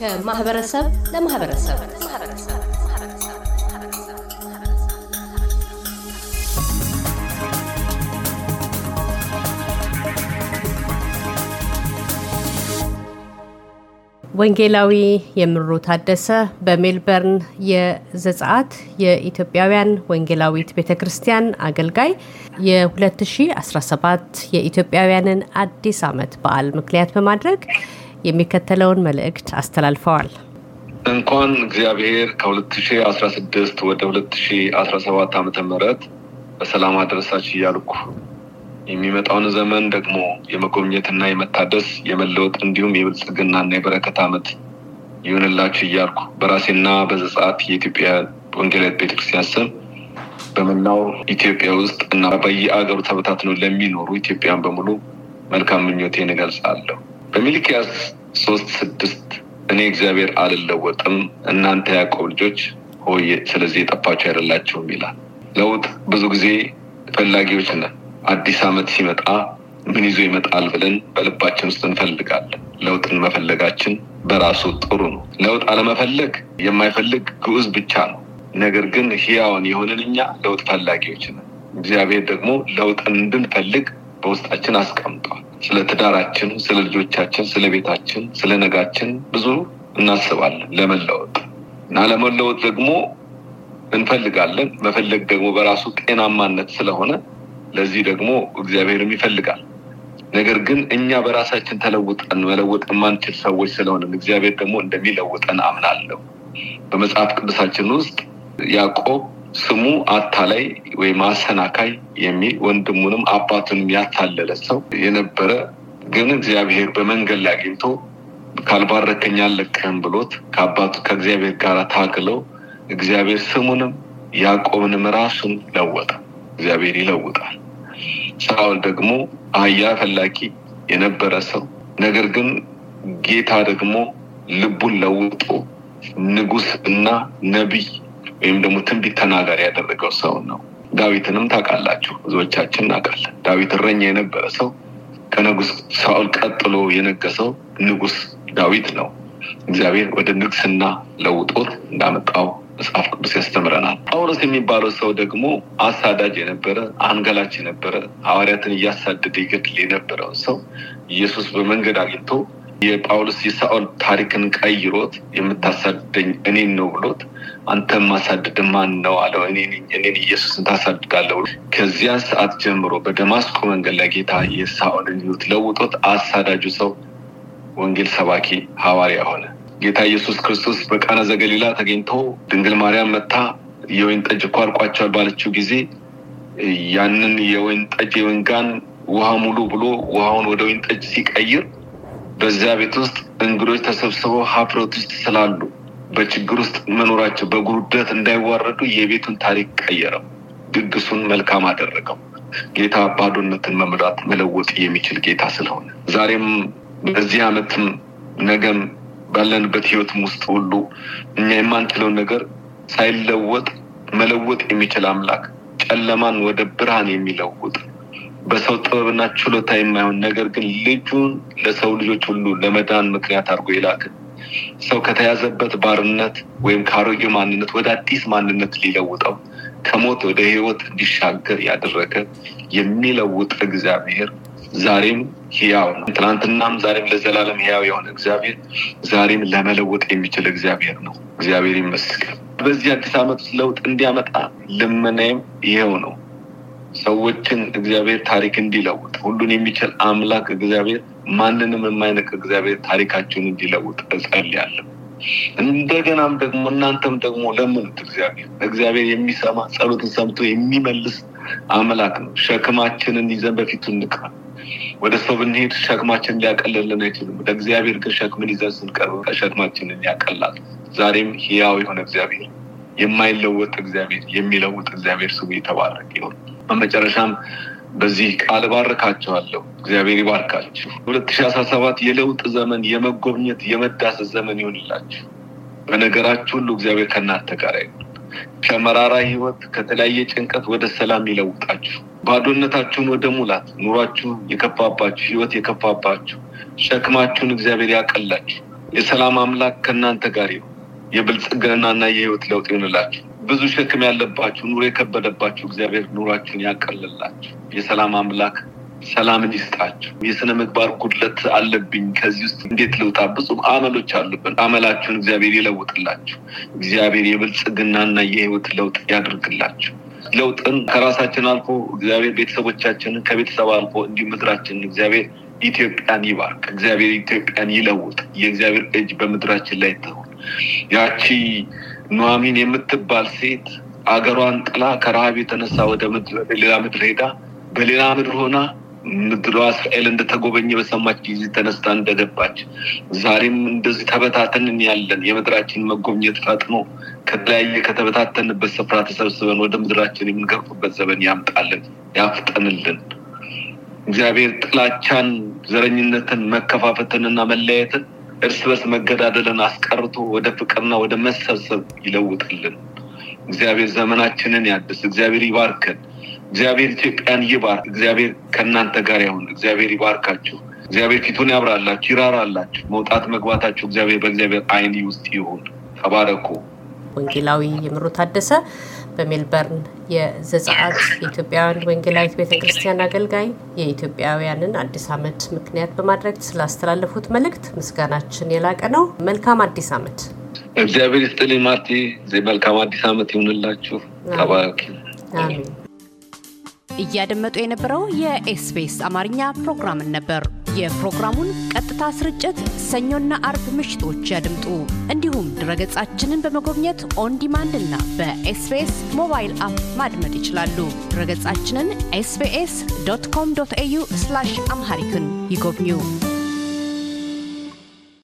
ከማህበረሰብ ለማህበረሰብ ወንጌላዊ የምሩ ታደሰ በሜልበርን የዘጻት የኢትዮጵያውያን ወንጌላዊት ቤተ ክርስቲያን አገልጋይ የ2017 የኢትዮጵያውያንን አዲስ ዓመት በዓል ምክንያት በማድረግ የሚከተለውን መልእክት አስተላልፈዋል። እንኳን እግዚአብሔር ከ2016 ወደ 2017 ዓ ም በሰላም አደረሳች እያልኩ የሚመጣውን ዘመን ደግሞ የመጎብኘትና የመታደስ የመለወጥ እንዲሁም የብልጽግናና የበረከት ዓመት ይሆንላችሁ እያልኩ በራሴና በዘጸአት የኢትዮጵያ ወንጌላዊት ቤተክርስቲያን ስም በመላው ኢትዮጵያ ውስጥ እና በየአገሩ ተበታትነው ለሚኖሩ ኢትዮጵያን በሙሉ መልካም ምኞቴን እገልጻለሁ። በሚልኪያስ ሶስት ስድስት እኔ እግዚአብሔር አልለወጥም፣ እናንተ ያዕቆብ ልጆች ሆይ ስለዚህ የጠፋችሁ አይደላችሁም ይላል። ለውጥ ብዙ ጊዜ ፈላጊዎች ነን። አዲስ ዓመት ሲመጣ ምን ይዞ ይመጣል ብለን በልባችን ውስጥ እንፈልጋለን። ለውጥን መፈለጋችን በራሱ ጥሩ ነው። ለውጥ አለመፈለግ የማይፈልግ ግዑዝ ብቻ ነው። ነገር ግን ህያውን የሆንን እኛ ለውጥ ፈላጊዎች ነን። እግዚአብሔር ደግሞ ለውጥን እንድንፈልግ በውስጣችን አስቀምጧል። ስለ ትዳራችን፣ ስለ ልጆቻችን፣ ስለ ቤታችን፣ ስለ ነጋችን ብዙ እናስባለን ለመለወጥ እና ለመለወጥ ደግሞ እንፈልጋለን። መፈለግ ደግሞ በራሱ ጤናማነት ስለሆነ ለዚህ ደግሞ እግዚአብሔርም ይፈልጋል። ነገር ግን እኛ በራሳችን ተለውጠን መለወጥ የማንችል ሰዎች ስለሆነ እግዚአብሔር ደግሞ እንደሚለውጠን አምናለሁ። በመጽሐፍ ቅዱሳችን ውስጥ ያዕቆብ ስሙ አታላይ ወይም አሰናካይ የሚል ወንድሙንም አባቱንም ያታለለ ሰው የነበረ ግን እግዚአብሔር በመንገድ ላይ አግኝቶ ካልባረከኝ አልለቅህም ብሎት ከአባቱ ከእግዚአብሔር ጋር ታግለው እግዚአብሔር ስሙንም ያዕቆብንም ራሱን ለወጠ። እግዚአብሔር ይለውጣል። ሳውል ደግሞ አህያ ፈላጊ የነበረ ሰው ነገር ግን ጌታ ደግሞ ልቡን ለውጦ ንጉስ እና ነቢይ ወይም ደግሞ ትንቢት ተናጋሪ ያደረገው ሰው ነው። ዳዊትንም ታውቃላችሁ፣ ብዙዎቻችን እናውቃለን። ዳዊት እረኛ የነበረ ሰው ከንጉስ ሳኦል ቀጥሎ የነገሰው ንጉስ ዳዊት ነው። እግዚአብሔር ወደ ንግስና ለውጦት እንዳመጣው መጽሐፍ ቅዱስ ያስተምረናል። ጳውሎስ የሚባለው ሰው ደግሞ አሳዳጅ የነበረ አንገላች የነበረ ሐዋርያትን እያሳደደ ይገድል የነበረው ሰው ኢየሱስ በመንገድ አግኝቶ የጳውሎስ የሳኦል ታሪክን ቀይሮት የምታሳድደኝ እኔን ነው ብሎት አንተም ማሳደድ ማን ነው አለው። እኔን ኢየሱስን ብሎ ከዚያ ሰዓት ጀምሮ በደማስቆ መንገድ ላይ ጌታ የሳኦልን ሕይወት ለውጦት አሳዳጁ ሰው ወንጌል ሰባኪ ሐዋርያ ሆነ። ጌታ ኢየሱስ ክርስቶስ በቃና ዘገሊላ ተገኝቶ ድንግል ማርያም መታ የወይን ጠጅ እኮ አልቋቸዋል ባለችው ጊዜ ያንን የወይን ጠጅ የወንጋን ውሃ ሙሉ ብሎ ውሃውን ወደ ወይን ጠጅ ሲቀይር በዚያ ቤት ውስጥ እንግዶች ተሰብስበው ሀፍረት ውስጥ ስላሉ በችግር ውስጥ መኖራቸው በጉርደት እንዳይዋረዱ የቤቱን ታሪክ ቀየረው። ድግሱን መልካም አደረገው። ጌታ ባዶነትን መምላት መለወጥ የሚችል ጌታ ስለሆነ ዛሬም በዚህ አመትም ነገም ባለንበት ህይወትም ውስጥ ሁሉ እኛ የማንችለው ነገር ሳይለወጥ መለወጥ የሚችል አምላክ ጨለማን ወደ ብርሃን የሚለውጥ በሰው ጥበብና ችሎታ የማይሆን ነገር ግን ልጁን ለሰው ልጆች ሁሉ ለመዳን ምክንያት አድርጎ ይላክ ሰው ከተያዘበት ባርነት ወይም ከአሮጌ ማንነት ወደ አዲስ ማንነት ሊለውጠው ከሞት ወደ ህይወት እንዲሻገር ያደረገ የሚለውጥ እግዚአብሔር ዛሬም ህያው ነው። ትናንትናም ዛሬም ለዘላለም ህያው የሆነ እግዚአብሔር ዛሬም ለመለወጥ የሚችል እግዚአብሔር ነው። እግዚአብሔር ይመስገን። በዚህ አዲስ ዓመት ለውጥ እንዲያመጣ ልመናይም ይኸው ነው። ሰዎችን እግዚአብሔር ታሪክ እንዲለውጥ ሁሉን የሚችል አምላክ እግዚአብሔር ማንንም የማይነቅ እግዚአብሔር ታሪካቸውን እንዲለውጥ እጸልያለሁ። እንደገናም ደግሞ እናንተም ደግሞ ለምኑት እግዚአብሔር እግዚአብሔር የሚሰማ ጸሎትን ሰምቶ የሚመልስ አምላክ ነው። ሸክማችንን ይዘን በፊቱ እንቅረብ። ወደ ሰው ብንሄድ ሸክማችን ሊያቀልልን አይችልም። ወደ እግዚአብሔር ግን ሸክምን ይዘን ስንቀርብ ሸክማችንን ያቀላል። ዛሬም ህያው የሆነ እግዚአብሔር፣ የማይለወጥ እግዚአብሔር፣ የሚለውጥ እግዚአብሔር ስሙ የተባረክ ይሁን። በመጨረሻም በዚህ ቃል ባርካቸዋለሁ። እግዚአብሔር ይባርካችሁ። ሁለት ሺህ አስራ ሰባት የለውጥ ዘመን፣ የመጎብኘት የመዳሰስ ዘመን ይሆንላችሁ። በነገራችሁ ሁሉ እግዚአብሔር ከእናንተ ጋር ይሁን። ከመራራ ህይወት ከተለያየ ጭንቀት ወደ ሰላም ይለውጣችሁ። ባዶነታችሁን ወደ ሙላት፣ ኑሯችሁ የከፋባችሁ፣ ህይወት የከፋባችሁ፣ ሸክማችሁን እግዚአብሔር ያቀላችሁ። የሰላም አምላክ ከእናንተ ጋር ይሁን። የብልጽግናና የህይወት ለውጥ ይሆንላችሁ። ብዙ ሸክም ያለባችሁ፣ ኑሮ የከበደባችሁ እግዚአብሔር ኑሯችሁን ያቀልላችሁ። የሰላም አምላክ ሰላምን ይስጣችሁ። የስነ ምግባር ጉድለት አለብኝ፣ ከዚህ ውስጥ እንዴት ልውጣ? ብዙ አመሎች አሉብን። አመላችሁን እግዚአብሔር ይለውጥላችሁ። እግዚአብሔር የብልጽግናና የህይወት ለውጥ ያደርግላችሁ። ለውጥን ከራሳችን አልፎ እግዚአብሔር ቤተሰቦቻችንን ከቤተሰብ አልፎ እንዲሁ ምድራችንን እግዚአብሔር ኢትዮጵያን ይባርክ። እግዚአብሔር ኢትዮጵያን ይለውጥ። የእግዚአብሔር እጅ በምድራችን ላይ ትሁን። ያቺ ኑሐሚን የምትባል ሴት አገሯን ጥላ ከረሃብ የተነሳ ወደ ሌላ ምድር ሄዳ በሌላ ምድር ሆና ምድሯ እስራኤል እንደተጎበኘ በሰማች ጊዜ ተነስታ እንደገባች ዛሬም እንደዚህ ተበታተንን ያለን የምድራችን መጎብኘት ፈጥኖ ከተለያየ ከተበታተንበት ስፍራ ተሰብስበን ወደ ምድራችን የምንገፉበት ዘመን ያምጣልን ያፍጠንልን እግዚአብሔር ጥላቻን ዘረኝነትን መከፋፈትንና መለያየትን እርስ በርስ መገዳደልን አስቀርቶ ወደ ፍቅርና ወደ መሰብሰብ ይለውጥልን እግዚአብሔር ዘመናችንን ያድስ። እግዚአብሔር ይባርከን። እግዚአብሔር ኢትዮጵያን ይባርክ። እግዚአብሔር ከእናንተ ጋር ያሁን እግዚአብሔር ይባርካችሁ። እግዚአብሔር ፊቱን ያብራላችሁ፣ ይራራላችሁ። መውጣት መግባታችሁ እግዚአብሔር በእግዚአብሔር አይን ውስጥ ይሁን። ተባረኩ። ወንጌላዊ የምሩ ታደሰ በሜልበርን የዘጸአት የኢትዮጵያውያን ወንጌላዊት ቤተክርስቲያን አገልጋይ የኢትዮጵያውያንን አዲስ አመት ምክንያት በማድረግ ስላስተላለፉት መልእክት ምስጋናችን የላቀ ነው። መልካም አዲስ አመት እግዚአብሔር ይስጥልኝ ማርቲ። መልካም አዲስ ዓመት ይሁንላችሁ። ተባረኪ። እያደመጡ የነበረው የኤስቢኤስ አማርኛ ፕሮግራምን ነበር። የፕሮግራሙን ቀጥታ ስርጭት ሰኞና አርብ ምሽቶች ያድምጡ። እንዲሁም ድረገጻችንን በመጎብኘት ኦን እና በኤስቢኤስ ሞባይል አፕ ማድመጥ ይችላሉ። ድረገጻችንን ኤስቢኤስ ኮም ዶት ኤዩ አምሃሪክን ይጎብኙ።